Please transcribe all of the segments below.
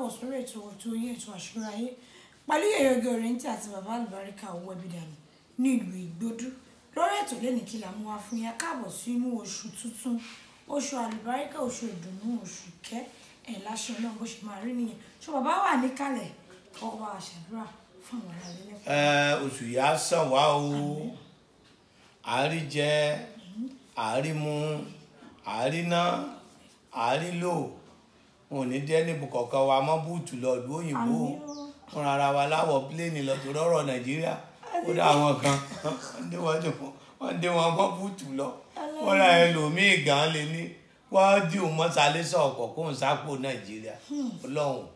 káàbọ̀ sórí ètò ètò yín ètò àṣírà yín pẹ̀lú Yèyé Oge Oriental àti bàbá àlùbáríkà owó ẹbí dànù ní ìlú Ìgbódú lórí ètò lẹ́nu kí la mú wá fún yín káàbọ̀ sí inú oṣù tuntun oṣù àlùbáríkà oṣù ìdùnnú oṣù ìkẹ́ ẹ̀ láṣẹ náà bó ṣe máa rí nìyẹn ṣọ bàbá wà níkàlẹ̀ ọwọ́ àṣàdúrà fún àwọn aráàlú lẹ́kọ̀ọ́. o àáríjẹ àárímu àárínà wọn ò ní dé níbi kọ̀ọ̀kan wa mọ́ búùtù lọ ìlú òyìnbó fún ara wa láwọ̀ pílẹ́ẹ̀nì lọ tó rọ̀rọ̀ nàìjíríà ó dá àwọn kan wọ́n dé wọn mọ́ búùtù lọ wọ́n ra ẹlòmíì gan-an lé ní wọ́n dí òun mọ́ sálẹ́sọ̀ ọ̀kọ̀ kóun sápò nàìjíríà hmm. ọlọ́run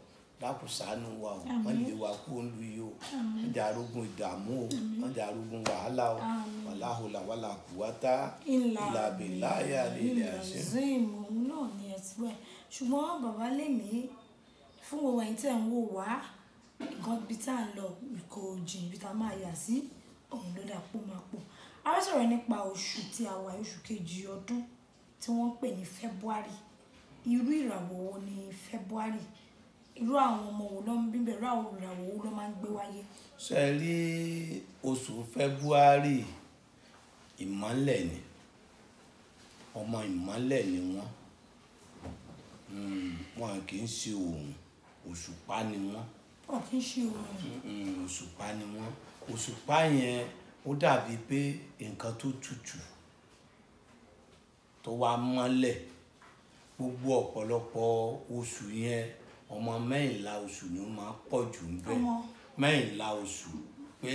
dákùsánú wa o wọn lè wa kó ń lu yìí o wọn jẹ arógun ìdààmú o wọn jẹ arógun wàhálà o wàláhùlà wàlà kùwátá ìlàbìlà ayé àṣẹ. ìlàzíìmù náà ni ẹ ti wẹ ṣùgbọ́n bàbá lèmi fún gbogbo ẹ̀yin tẹ̀ ń wò wá nǹkan bíi tá à ń lọ ìkó òjì ibi tá a máa yà sí òun ló dà pọ̀ máa pọ̀ a fẹ́ sọ̀rọ̀ nípa oṣù tí a wà oṣù kejì ọdún tí wọ́n ń pè ní February irú ìràwọ̀ wo ni February irú àwọn ọmọ wo ló ń bí bẹ̀rù àwọn olùràwọ̀ wo ló máa ń gbé wáyé. ṣe rí oṣù february ìmọ́lẹ̀ ni ọmọ ìmọ́lẹ̀ ni wọ́n hmm, wọn kì í ṣe òun òṣùpá ni wọ́n. wọn kì í ṣe òun. Hmm, òṣùpá ni wọ́n òṣùpá yẹn ó dàbí pé nǹkan tó tutù tó wá mọ́lẹ̀ gbogbo ọ̀pọ̀lọpọ̀ oṣù yẹn ọmọ mẹ́rìnlá oṣù ni ó máa pọ̀ jù ń bẹ̀ mẹ́rìnlá oṣù pé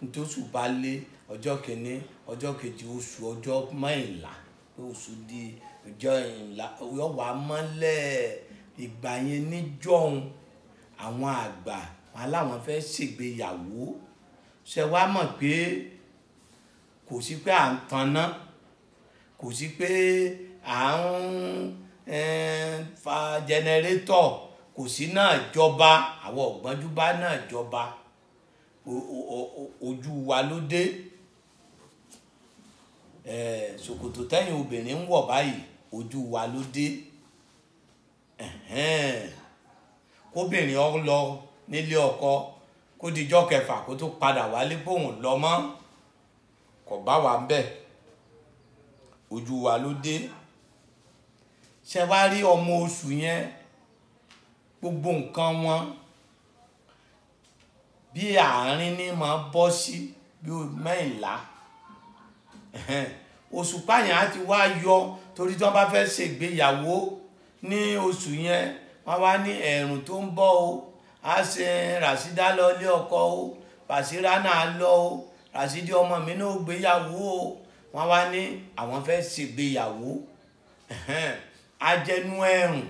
nítòsù bá lé ọjọ́ kìíní ọjọ́ kejì oṣù ọjọ́ mẹ́rìnlá pé oṣù di ọjọ́ ìlà yọ̀wá mọ́lẹ̀ ìgbà yẹn níjọ́hun àwọn àgbà wọn láwọn fẹ́ ṣègbéyàwó ṣe wá mọ̀ pé kò sí pé à ń tanná kò sí pé à ń fa jẹnẹrétọ̀. kò sí náà jọba àwọn ọ̀gbọ́njúbá náà jọba ojú wa ló dé ṣòkòtò tẹ́yìn obìnrin ń wọ̀ báyìí ojú wa ló dé kóbìnrin ọ lọ nílé ọkọ kó dijọ́ kẹfà kó tó padà wálé bóun lọ mọ́ kò bá wa ń bẹ̀ ojú wa ló dé ṣe wá rí ọmọ oṣù yẹn gbogbo nǹkan wọn bí àárín ní máa bọ́ sí bí mẹ́ìnlá òṣùpá yẹn á ti wá yọ torí tí wọ́n bá fẹ́ ṣègbéyàwó ní oṣù yẹn wọ́n wá ní ẹ̀rùn tó ń bọ̀ o á ṣe ràṣídá lọ ilé ọkọ o fàṣírà náà lọ o ràṣídí ọmọ mi náà gbéyàwó o wọ́n wá ní àwọn fẹ́ ṣègbéyàwó ajẹnu ẹ̀rùn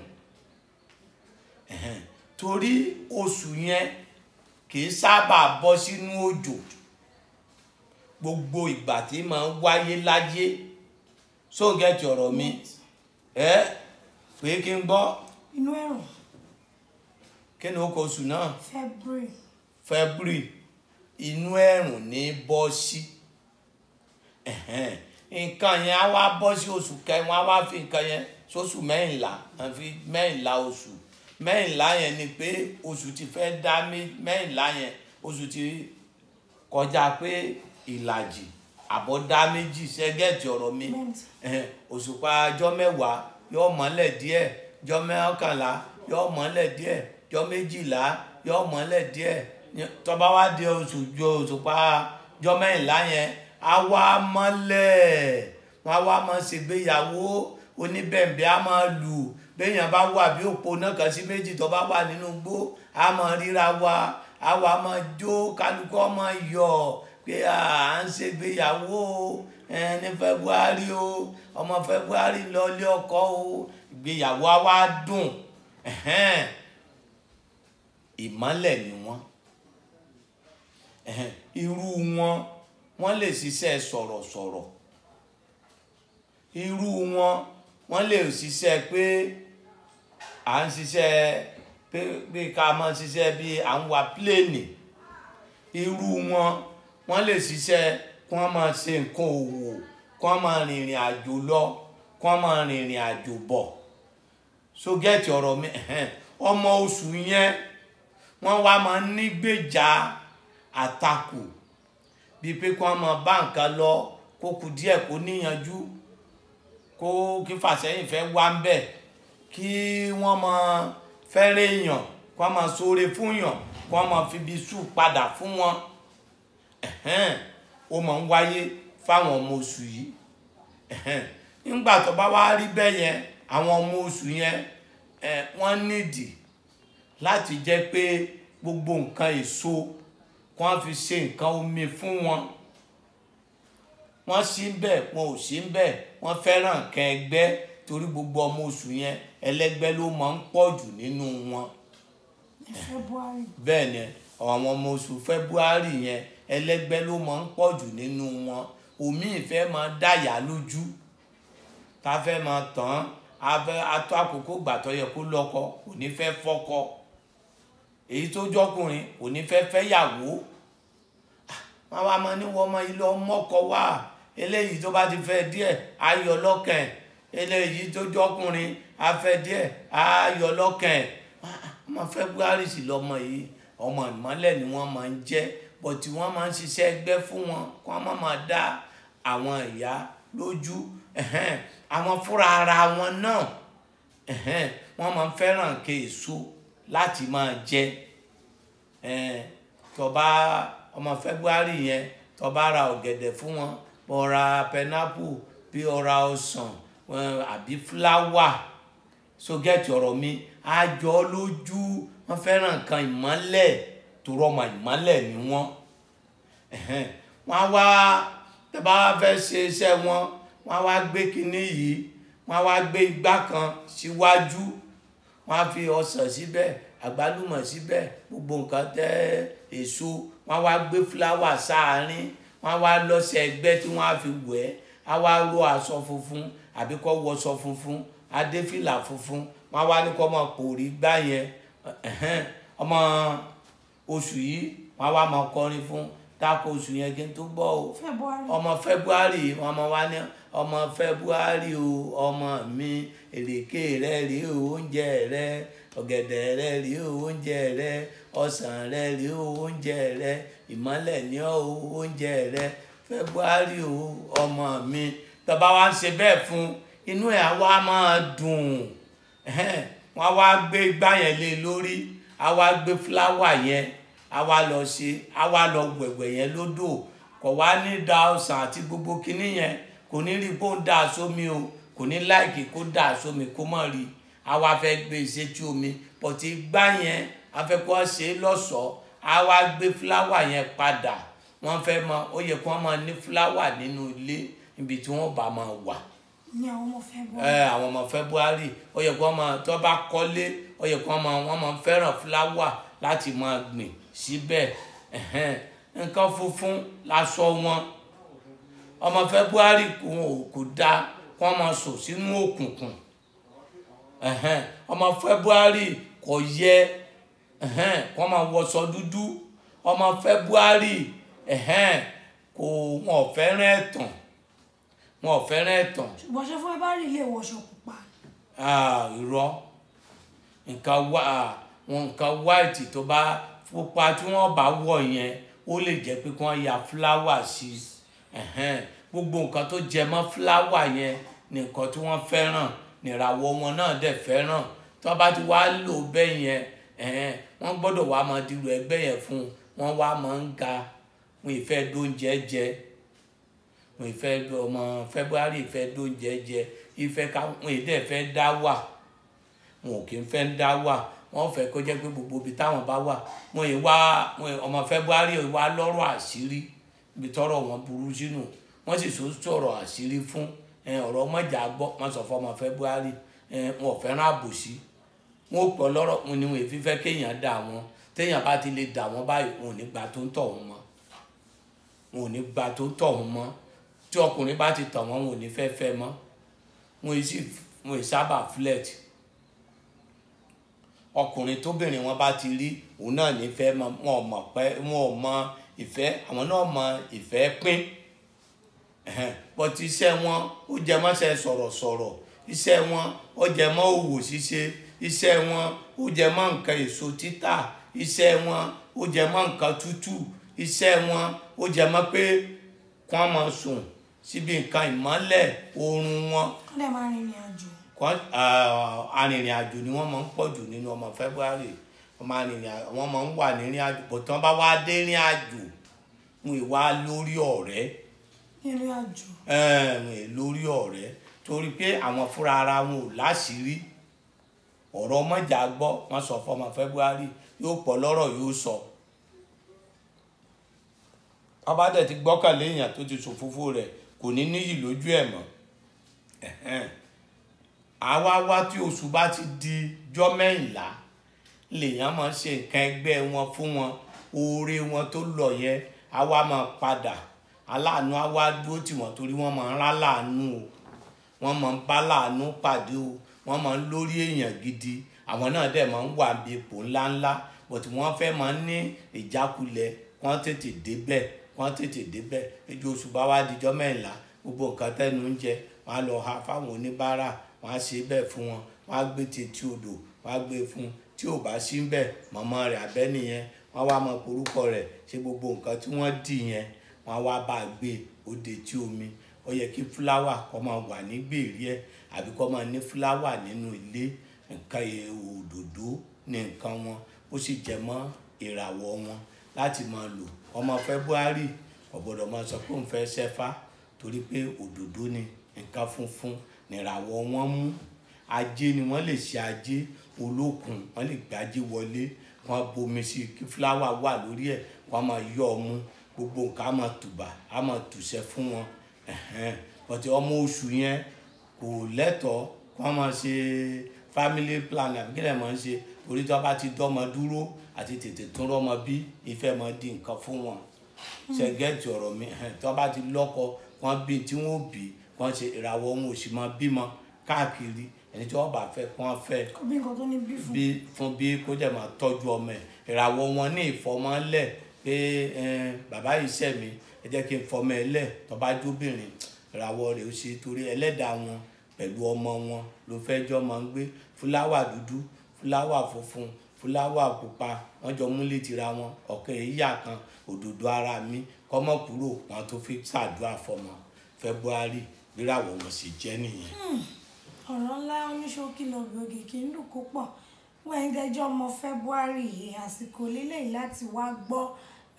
torí oṣù yẹn kì í sábà bọ́ sínú òjò gbogbo ìgbà tí máa ń wáyé láyé sóńgẹ̀tì ọ̀rọ̀ mi ẹ pé kí n gbọ́. inú ẹ̀rùn. kí ni ó kọ oṣù náà. February. February inú ẹ̀rùn ní bọ́ sí nǹkan yẹn á wá bọ́ sí oṣù kẹwọn á wá fi nǹkan yẹn sóṣù mẹ́rìnlá mẹ́rìnlá oṣù mẹ́rìnlá yẹn ni pé oṣù ti fẹ́ dá mẹ́rìnlá yẹn oṣù ti kọjá pé ìlàjì àbọ̀dá méjì ṣẹ́gẹ̀tì ọ̀rọ̀ mi òṣùpá ọjọ́ mẹ́wàá yọ mọ́lẹ̀ díẹ̀ jọ mọ́kànlá yọ mọ́lẹ̀ díẹ̀ jọ méjìlá yọ mọ́lẹ̀ díẹ̀ tó bá wá di oṣù jo òṣùpá jọ mẹ́rìnlá yẹn á wá mọ́lẹ̀ wọ́n á wá mọ́ ṣègbéyàwó oníbẹ̀m̀bẹ̀ á máa lù béèyàn bá wà bí òpó náà kan sí méjì tó bá wà nínú gbó a mọ ríra wa a wà mọ jó kálukú ọmọ yọ pé à ń ṣègbéyàwó ní february o ọmọ february lọ ilé ọkọ o ìgbéyàwó a wá dùn ìmọ́lẹ̀ ni wọ́n irú wọn wọ́n lè ṣiṣẹ́ sọ̀rọ̀sọ̀rọ̀ irú wọn wọ́n lè ṣiṣẹ́ pé à ń ṣiṣẹ́ pé ká mọ́ ṣiṣẹ́ bí à ń wa pléènì irú wọn wọ́n lè ṣiṣẹ́ kí wọ́n máa ṣe nǹkan òwò kí wọ́n rìnrìn àjò lọ kí wọ́n rìnrìn àjò bọ̀ so ọ̀rọ̀ mi ọmọ oṣù yẹn wọ́n wá máa nígbèjà àtakò bíi pé kí wọ́n lọ kó kù díẹ̀ kó níyanjú kó kí fàṣẹyìn fẹ́ wá ń kí wọ́n mọ fẹ́rẹ̀ èèyàn kí wọ́n mọ sóore fún èèyàn kí wọ́n mọ fibi sù padà fún wọn ó mọ̀ ń wáyé fáwọn ọmọ oṣù yìí nígbà tó bá wá rí bẹ́ẹ̀ yẹn àwọn ọmọ oṣù yẹn wọ́n nídìí láti jẹ́ pé gbogbo nǹkan èso kí wọ́n fi ṣe nǹkan omi fún wọn wọ́n sí ń wọn ò sí ń wọ́n fẹ́ràn kẹ́ẹ̀gbẹ́ torí gbogbo ọmọ oṣù yẹn ẹlẹ́gbẹ́ ló máa ń pọ̀ jù nínú wọn. bẹ́ẹ̀ ni àwọn ọmọ oṣù february yẹn ẹlẹ́gbẹ́ ló máa ń pọ̀ jù nínú wọn omi ìfẹ́ máa dàyà lójú tá fẹ́ máa tán atọ́ àkókò gbà tó yẹ kó lọ́kọ kò ní fẹ́ fọ́kọ èyí tó jọkùnrin kò ní fẹ́ fẹ́yàwó wọn wá máa ní wọ́n máa ilé ọmọkọ wá eléyìí tó bá ti fẹ́ díẹ̀ ayọ̀ lọ́kàn ẹ̀ eléyìí tó jọkùnrin afẹ́díẹ̀ ayọ̀ lọ́kàn ẹ̀ ọmọ February sì lọmọ yìí ọmọ ìmọ́lẹ̀ ni wọ́n máa ń jẹ́ bọ̀tí wọ́n máa ń ṣiṣẹ́ ẹgbẹ́ fún wọn kí wọ́n má máa dá àwọn ìyá lójú àwọn fúnra ara wọn náà wọ́n máa ń fẹ́ràn ke èso láti máa jẹ tó bá ọmọ February yẹn tó bá ra ọ̀gẹ̀dẹ̀ fún wọn bó ra pineapple bí ó ra ọsàn àbí fúláwà sógẹ́ẹ̀tì ọ̀rọ̀ mi àjọ lójú wọ́n fẹ́ràn kan ìmọ́lẹ̀ tó rọmọ ìmọ́lẹ̀ ni wọ́n wọ́n á wá tẹ́ bá fẹ́ ṣe iṣẹ́ wọn wọ́n á wá gbé kinní yìí wọ́n á wá gbé igbá kan síwájú wọ́n á fi ọsàn síbẹ̀ àgbálùmọ̀ síbẹ̀ gbogbo nǹkan tẹ́ èso wọ́n á wá gbé fúláwà sáàárín wọ́n á wá lọ́sẹ̀ ẹgbẹ́ tí wọ́n á fi wẹ̀ á wá ró aṣọ funfun àbí kọ́ wọṣọ funfun adéfìlà funfun wọn wá ní kọ́ ọmọ kòrí gbá yẹn ọmọ oṣù yìí wọn wá máa kọrin fún tako oṣù yẹn kí n tó gbọ́ o ọmọ february ọmọ wa ní ọmọ february o ọmọ mi èrèké rẹ rí o oúnjẹ rẹ ọ̀gẹ̀dẹ̀ rẹ rí o oúnjẹ rẹ ọsàn rẹ rí o oúnjẹ rẹ ìmọ́lẹ̀ ní o oúnjẹ rẹ february o ọmọ mi tó bá ń ṣe bẹ́ẹ̀ fún inú ẹ̀ á máa dùn wọ́n á wá gbé igbá yẹn lé lórí á gbé fúláwà yẹn á lọ ṣe á lọ wẹ̀wẹ̀ yẹn lódò kò wá ní da ọsàn àti gbogbo kinní yẹn kò ní rí bó ń da sómi o kò ní láìkì kó da sómi kó mọ̀ rí á fẹ́ gbé ìṣẹ́jú e omi pọ̀tí igbá yẹn á ṣe lọ́sọ̀ọ́ á gbé fúláwà yẹn padà wọ́n fẹ́ mọ̀ ó yẹ kó wọ́n mọ̀ ní fúláwà nínú ilé níbi tí wọ́n bá máa wà. ní àwọn ọmọ February. ẹ àwọn ọmọ February ó yẹ kó máa tó bá kọ́lé ó yẹ kó máa wọ́n máa fẹ́ràn fúláwà láti máa gbìn síbẹ̀ nǹkan funfun láṣọ wọn ọmọ February kùn òkú dá kó máa sùn sínú òkùnkùn ọmọ February kò yẹ kó máa wọṣọ dúdú ọmọ February kò wọn ò fẹ́ràn ẹ̀tàn wọn ò fẹ́ràn ẹ̀tàn. ṣùgbọ́n ṣé fún ẹ bá rí ilé ìwọṣọ pupa. irọ́ nǹkan wá wọn nǹkan white tó bá pupa tí wọ́n bá wọ̀ yẹn ó lè jẹ́ pé kí wọ́n ya fúláwà sí i gbogbo nǹkan tó jẹ mọ́ fúláwà yẹn nìkan tí wọ́n fẹ́ràn nìràwọ̀ wọn náà dẹ̀ fẹ́ràn tí wọ́n bá ti wá lò bẹ́ẹ̀ yẹn wọ́n gbọ́dọ̀ wá máa dirò ẹgbẹ́ yẹn fún un wọ́n wá máa ń ga wọn ìfẹ́ dóúnjẹ jẹ. jẹ wọn ìfẹ́ ọmọ February ìfẹ́ dóúnjẹ jẹ ìfẹ́ ká wọn èdè fẹ́ dá wà wọn ò kí ń fẹ́ ń dá wà wọn fẹ́ kó jẹ́ pé gbogbo ibi táwọn bá wà wọn yìí wá ọmọ February yìí wá lọ́rọ̀ àṣírí ibi tọ́rọ̀ wọn burú sínú wọn sì tún sọ̀rọ̀ àṣírí fún ọ̀rọ̀ mọ̀jà gbọ́ wọn sọ fún ọmọ February wọn ò fẹ́ràn àbòsí wọn ò pọ̀ lọ́rọ̀ wọn ni wọn èfi fẹ́ kéèyàn dà wọn téèyàn bá ti lè dà wọn báyìí wọn ò ní gba tó ń tọ̀ wọn mọ́ wọn ò ní gba tó ń tọ̀ wọn mọ́ tí ọkùnrin bá ti tàn wọ́n wọn ò ní fẹ́ fẹ́ mọ́ wọn èsì wọn èsì sábà flirt ọkùnrin tóbìnrin wọn bá ti rí òun náà ní fẹ́ mọ́ wọn ò mọ̀ pé wọn ò mọ ìfẹ́ àwọn náà mọ ìfẹ́ pín bọ́tí iṣẹ́ wọn ó jẹ mọ́ṣẹ́ sọ̀rọ̀sọ̀rọ̀ iṣẹ́ wọn ó jẹ mọ́ òwò ṣíṣe iṣẹ́ wọn ó jẹ mọ́ nǹkan èso títà iṣẹ́ wọn ó jẹ mọ́ nǹkan tútù iṣẹ́ wọn ó jẹ mọ́ pé kí máa sùn síbi nǹkan ìmọ́lẹ̀ oorun wọn. kọ́lẹ̀ máa rìnrìn àjò. arìnrìn àjò ni wọ́n máa ń pọ̀ jù nínú ọmọ February wọ́n máa ń wà nírìn àjò bó tí bá wá dé rìn àjò wọn lórí ọ̀rẹ́. àjò. lórí ọ̀rẹ́ torí pé àwọn fúnra ara wọn ò láṣìírí ọ̀rọ̀ ọmọjà gbọ́ wọ́n sọ fọmọ February yóò pọ̀ lọ́rọ̀ yóò sọ. wọ́n dẹ̀ ti gbọ́kànlé èèyàn tó ti kò ní níyì lójú ẹ̀ mọ́ àwa wá tí oṣù bá ti di jọ́ mẹ́yìnlá lèèyàn máa ṣe nǹkan ẹgbẹ́ wọn fún wọn oore wọn tó lọ yẹn àwa máa padà aláàánú àwa dúró tì wọ́n torí wọ́n máa ń rá láàánú o wọ́n máa ń bá láàánú pàdé o wọ́n máa ń lórí èèyàn gidi àwọn náà dẹ̀ máa ń wà bí ipò ńláńlá bọ̀tí wọ́n fẹ́ máa ń ní ìjákulẹ̀ wọ́n tètè débẹ̀ wọ́n tètè débẹ̀ ẹjọ́ oṣù bá wá dijọ́ mẹ́rìnlá gbogbo nǹkan tẹ́nu ń jẹ wọ́n á lọ ha fáwọn oníbàárà wọ́n á ṣe bẹ́ẹ̀ fún wọn wọ́n á gbé tètè odò wọ́n á gbé fún tí ò bá sí bẹ́ẹ̀ mọ̀mọ́ rẹ̀ abẹ́ nìyẹn wọ́n wá mọ porúkọ rẹ̀ ṣe gbogbo nǹkan tí wọ́n dì yẹn wọ́n wá bá a gbé òde tí omi ó yẹ kí fúláwà kó máa wà ní gbèrí ẹ̀ àbí kó máa ní fúláwà nínú ilé nǹkan e, òdòdó ní nǹkan wọn ó sì jẹ mọ́ ìràwọ̀ wọn láti máa lò ọmọ February ọ̀gbọ́dọ̀ máa sọ pé òun fẹ́ ṣẹ́fá torí pé òdòdó ni nǹkan funfun nìràwọ̀ wọn mú ajé ni wọ́n lè ṣe ajé olókun wọ́n lè gbé ajé wọlé wọ́n bomi sí kí fúláwà wà lórí ẹ̀ wọ́n máa yọ ọmú gbogbo nǹkan á máa tùbà á máa tùṣẹ́ fún wọn ọ̀tí ọmọ oṣù yẹn kò lẹ́tọ̀ọ́ kí wọ́n máa ṣe family plan àbíkẹ́lẹ̀ máa ń ṣe orí tí wọ́n bá ti dọ́mọ dúró àti tètè tó rọ́mọ bí ìfẹ́ mọ di nǹkan fún wọn ṣẹ̀ǹgẹ̀tì ọ̀rọ̀ mi tó bá ti lọ́kọ wọn bí tí wọn ò bí wọn ṣe ìràwọ̀ wọn ò sì mọ bímọ káàkiri ẹni tí wọn bá fẹ́ kí wọn fẹ́ bí fún bí kó jẹ máa tọ́jú ọmọ ẹ ìràwọ̀ wọn ní ìfọmọlẹ pé bàbá iṣẹ́ mi ẹ jẹ́ kí n fọmọ ẹ lẹ tó bá jóbìnrin ìràwọ̀ rẹ̀ ó ṣe torí ẹlẹ́dàá wọn pẹ̀lú ọmọ wọn ló fẹ́ jọ máa ń gbé fúláwà dúdú fúláwà funfun fúláwà pupa wọ́n jọ múlé tira wọn ọ̀kan èyíyà kan òdòdó ara mi kọ́mọ kúrò wọn tó fi ṣàdúrà fọmọ february gbérawọ̀ wọn sì jẹ́ nìyẹn. Hmm, ọ̀rọ̀ ńlá oníṣókí lọ gbòógì kì í dùn púpọ̀ wẹ́ńdẹ́jọ́ ọmọ february yìí àsìkò lélẹ́yìí láti wá gbọ́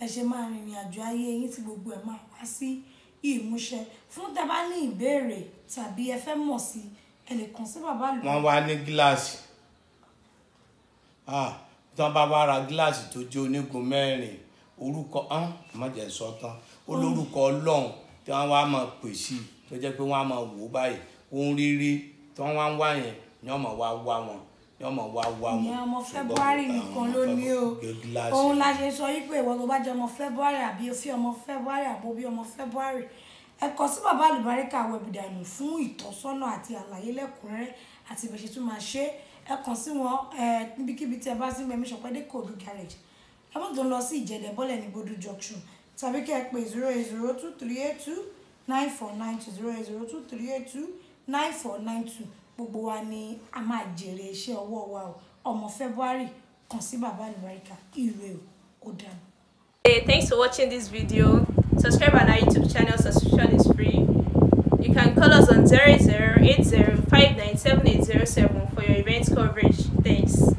ẹ ṣe máa rìnrìn àjò ayé yín tí gbogbo ẹ̀ máa wá sí ìmúṣẹ fún tẹ́ bá ní ìbéèrè tàbí ẹ fẹ́ mọ̀ sí ẹ lè kàn sí bàbá lù. wọ́n wá ní gíláàsì tán bá wá ra gíláàsì tó jẹ́ onígun mẹ́rin orúkọ hàn má jẹ́ sọ tán olórúkọ ọlọ́run tí wọ́n wá máa pè sí i tó jẹ́ pé wọ́n á máa wò ó báyìí ohun rírí tí wọ́n wá ń wá yẹn ni wọ́n máa wá wá wọn ni wọ́n máa wá wá wọn. ìyẹn ọmọ february nìkan ló ní o òun la ṣe sọ yìí pé ìwọ tó bá jẹ ọmọ february àbí o fi ọmọ february àbò bí ọmọ february ẹ kọ sí bàbá àlùbáríkà wẹbìdànù fún ìtọ́sọ́nà àti àlàyé lẹ́kùnrẹ́rẹ́ àti ìbẹ̀ṣẹ̀ tó máa ṣe é ẹ kàn sí wọn níbikíbi tí ẹ bá sí mẹ́mí ṣọ̀pẹ́ dé kòdú garage ẹ mọ̀ tó lọ sí ìjẹ̀dẹ̀ bọ́lẹ̀ ní gbódú junction tàbí kẹ́ ẹ pé zero eight zero two three eight two nine four nine two zero eight zero two three eight two nine four nine two gbogbo wa ni a máa jèrè iṣẹ́ ọwọ́ wa o ọmọ February kàn sí bàbá àlùbáríkà ire o ó dáa. hey thanks for watching this video subscribe on our youtube channel subscription is free. 0080597807 for your event coverage. Thanks.